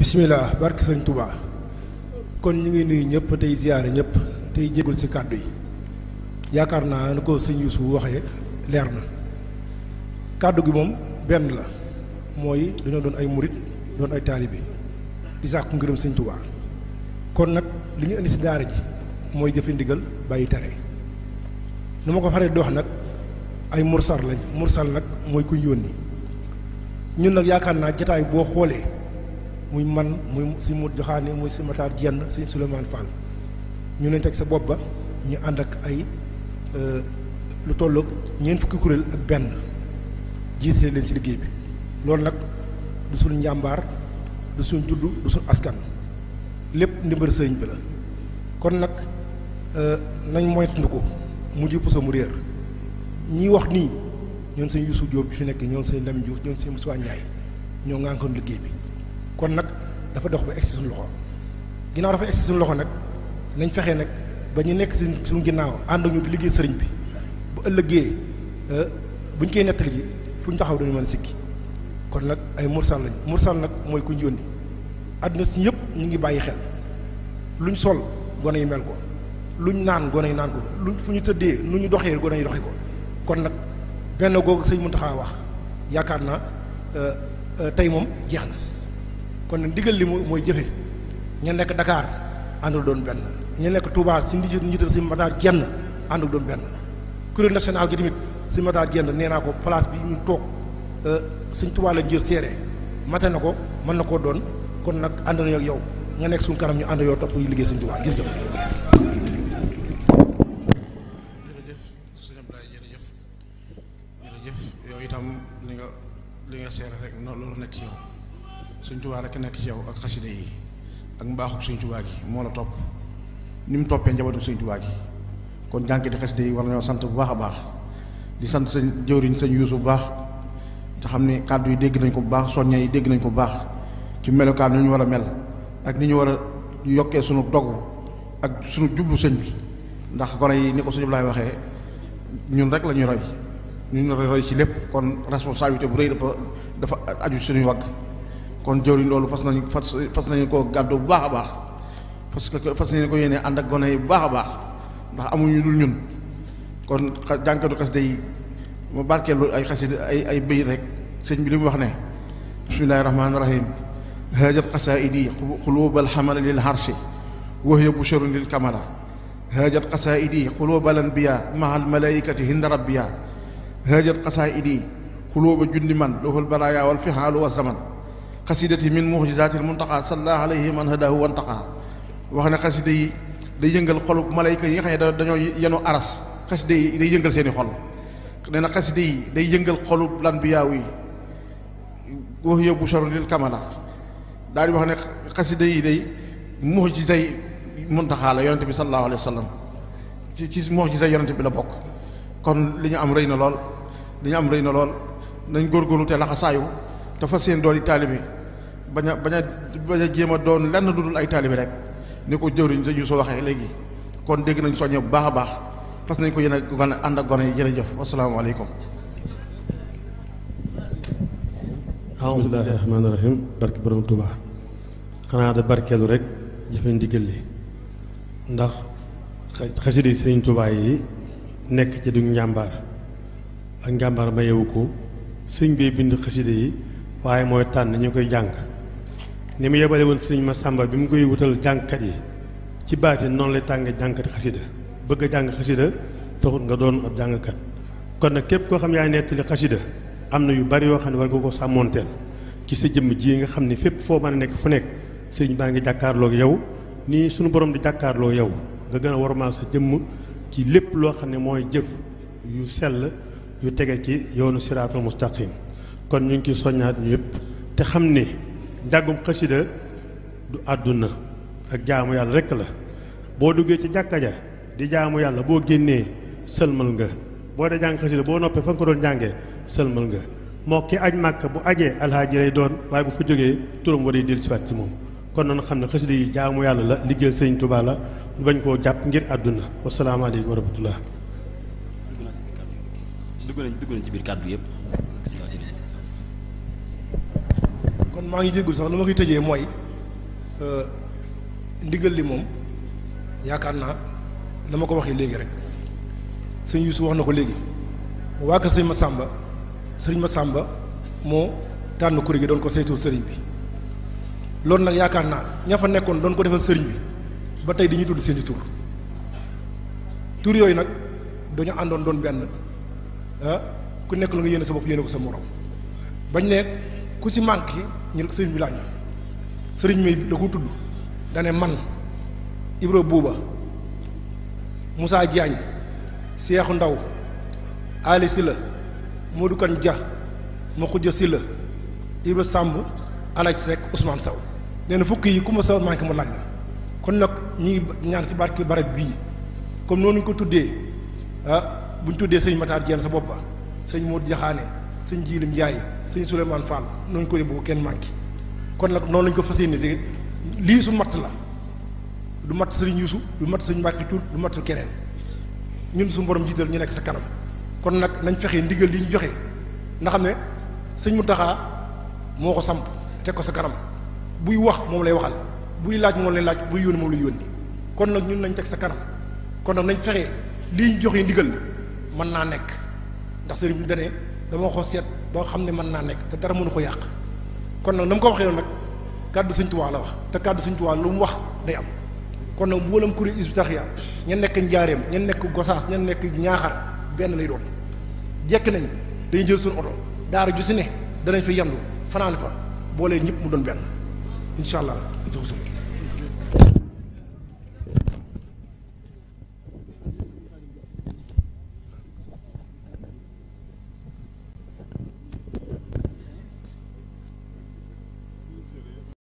bisimilah barke sëñ Touba kon ñu ngi nuyu ñëpp tey ziyaare ñëpp tey jégul ci kàddu yi yaakaar naa ni ko sëñ Yuusu waxee leer na kàddu gi moom benn la mooy dañoo doon ay murit doon ay taalibe di sàkku ngërëm sëñ Touba kon nag li ñu indi ci daara ji mooy jëfe ndigal bàyyi tere nu ma ko faree dox nag ay mursal lañ mursal nag mooy ku yónni ñun nag yaakaar naa jataay boo xoolee muy man muy si mu joxani muy si matar jenn si souleyman Fall ñu leen tek sa bop ba ñu and ak ay euh, lu tollok ñeen fukki kurel ak ben jissé leen ci liggéey bi lool nak du sun njàmbaar du sun juddu du sun askan lépp ndimbal sëriñ bi la kon euh nañ moy tunduko mu ji sa mu reer ñi wax ni ñoon sëñ yusuf diop bi fi nek ñoon sëñ Lam Diouf ñoon sëñ Musaa Njaay ñoo ngànkoon liggéey bi kon nag dafa dox ba egsi suñu loxo ginnaaw dafa egsi suñu loxo nag nañ fexe nag ba ñu nekk si suñu ginnaaw ànd ñu liggéey sëriñ bi bu ëllëgee euh, bu ñu koy nettali ji fu ñu taxaw dañu mën a sikki kon nag ay mursal lañ mursal nag mooy ku ñu yónni àdduna si yëpp ñu ngi bàyyi xel luñ sol gone yu mel ko lu ñu naan gone yi naan ko luñ fu ñu tëddee lu ñu doxee gone yi doxe ko kon nag benn googu sëñ Muntaxa wax yaakaar naa euh, euh, tey moom jeex na kon nag ndigal li mooy jëfe ña nekk Dakar àndul doon benn ña nekk Touba si njiit njiital si Matar Jenn àndul doon benn kuréel national gi tamit si Matar Jenn nee naa ko place bi ñu toog euh, suñ Touba la njër seere mate na ko mën na koo doon kon nag ànd na ak yow nga nekk suñ kanam ñu ànd yoo topp liggéey suñ Touba jërëjëf. jërëjëf sëñ Abdoulaye jërëjëf itam li nga rek noonu loolu Sëñ Tuubaa rekk nekk ci yow ak xasida yi ak mbaaxu Sëñ Tuubaa gi moo la topp ni mu toppee njabootu Sëñ Tuubaa gi kon jànki di xasida yi war nañoo sant bu baax a baax di sant sëñ jëwriñ sëñ Yuusu bu baax te xam ne kàddu yi dégg nañ ko bu baax soññe yi dégg nañ ko bu baax ci melokaan ni ñu war a mel ak ni ñu war a yokkee sunu dogu ak suñu jublu sëñ bi ndax gone yi ni ko sëñ Ablaay waxee ñun rek la ñuy roy ñun roy ci lépp kon responsabilité bu rëy dafa dafa aju suñuy wagg kon jëwriñ loolu fas nañu fas fas nañu koo gàddu bu baax a baax parce que fas nañu ko yéene ànd ak gone yi bu baax a baax ndax amuñu dul ñun kon jànkatu xasida yi ma barkeelu ay xasida ay ay bëy rek sëñ bi li mu wax ne bismillahi rahmaani rahim haajat qasaidi xuluubal xamala lil harshi wa hiya busharun lil kamala haajat qasaidi xuluubal anbiya mahal malaikati hinda rabbiya haajat qasaidi xuluuba jundi man lohul baraaya wal fihaalu wa zaman xasidati min muxjisatil muntaqa salla alayhi man hadahu wantaqa wax ne xasida yi day yëngal xolu malayka yi nga xam ne dañoo yenu aras xasida yi day yëngal seeni xol nee na xasida yi day yëngal xolu lan bi yaaw yi wax yóbbu soron lil kamala daal di wax ne xasida yi day muxjisay muntaxaa la yonente bi sallallahu alayhi wa sallam ci ci muxjisay yonente bi la bokk kon li ñu am rëy na lool li ñu am rëy na lool nañ góorgóorlu te laxasaayu dafa fas yéene doon yi taalibe bañ a bañ a bañ doon lenn dudul ay taalibe rek ni ko jëwriñ sa soo waxee léegi kon dégg nañ soññe bu baax a baax fas nañ ko yéen a gone ànd ak gone yi jërëjëf asalaamaaleykum bismillaahi rahmaani rahiim barke borom Tuubaa xanaa da barkeelu rek jafe ndigal li ndax xasidi Sëriñ Tuubaa yi nekk ci du njàmbaar ak njàmbaar mayewu ko sëñ bi bind xasida yi waaye mooy tànn ñu koy jàng ni mu yebale woon sëriñ ma sàmba bi mu koy wutal jàngkat yi ci baati noonu la tànge jàngkat xasida bëgg a jàng xasida taxut nga doon ab jàngkat kon na képp koo xam yaay nettali xasida am na yu bari yoo xam ne war nga ko sàmmoonteel ci sa jëmm ji nga xam ni fépp foo mën a nekk fu nekk sëriñ baa ngi jàkkaarloog yow ni sunu borom di jàkkaarloo yow nga gën a warmaal sa jëmm ci lépp loo xam ne mooy jëf yu sell yu tege ci yoonu siraatul mustaqim kon ñu ngi ciy soññaat ñu yëpp te xam ni njàngum xasida du àdduna ak jaamu yàlla rekk la boo duggee ci jàkka ja di jaamu yàlla boo génnee sëlmal nga boo dee jàng xasida boo noppee fa nga ko doon jàngee sëlmal nga moo ki aj màkk bu ajee alhaaji lay doon waaye bu fa jógee turam war a dellu siwaat ci moom kon noonu xam ne xasida yi jaamu yàlla la liggéeyal sëñ Tuubaa la bañ koo jàpp ngir àdduna wasalaamaaleykum wa rahmatullah dugg nañ dugg ci biir kàddu yëpp kon maa ngi jéggul sax lu ma koy tëjee mooy ndigal li moom yaakaar naa dama ko waxee léegi rek sëñ Youssou wax na ko léegi waa kër sëñ Massamba sëñ Massamba moo tànn kuréel gi doon ko saytul sëriñ bi loolu nag yaakaar naa ña fa nekkoon doon ko defal sëriñ bi ba tey di dañuy tudd seen i tur tur yooyu nag dañu àndoon doon benn ah ku nekk lu nga yéene sa bopp yéene ko sa morom bañ ne ku si manqué. ñu sëriñ bi laaj na sëriñ mi da ko tudd dane man ibro Buuba Moussa Diagne Seexu Ndaw Ali Silla Modou Kan Dia Makhoudia Silla la Samb Alaj Seck Ousmane Sow nee na fukki yi ku ma sawar manqué ma laaj la kon nag ñi ñaan ci barke barab bii comme noonu ñu ko tuddee ah bu ñu tuddee sëñ Matar Diène sa bopp ba sëñ Modou Jaxaane sëñ Jilim Ndiaye sëñ Souleymane Fall nañ ko yóbbu ko kenn manqué kon nag noonu lañ ko fas yéene te lii su matt la du matt sëriñ Yuusu du matt sëñ Mbàkke Tuur du matt keneen ñun suñu borom jiital ñu nekk sa kanam kon nag nañ fexe ndigal li joxe nga xam ne sëñ moo ko samp teg ko sa kanam buy wax moom lay waxal buy laaj moom lay laaj buy yónni moom lay yónni kon nag ñun nañ teg sa kanam kon nag nañ fexe lii ñu joxe ndigal mën naa nekk ndax sëriñ bi dama ko seet ba xam ne mën naa nekk te dara mënu ko yàq kon nag na ko waxee yoon nag kàddu Sëñ Tuubaa la wax te kàddu Sëñ Tuubaa lu mu wax day am kon nag mboolem kuréel Hizbut Tarqiyyah ña nekk Njaareem ña nekk Gosaas ña nekk Ñaaxar benn lay doon jekk nañ dañuy jël suñu oto daara ju si ne danañ fi yandu fanaan fa boolee ñëpp mu doon benn incha allah.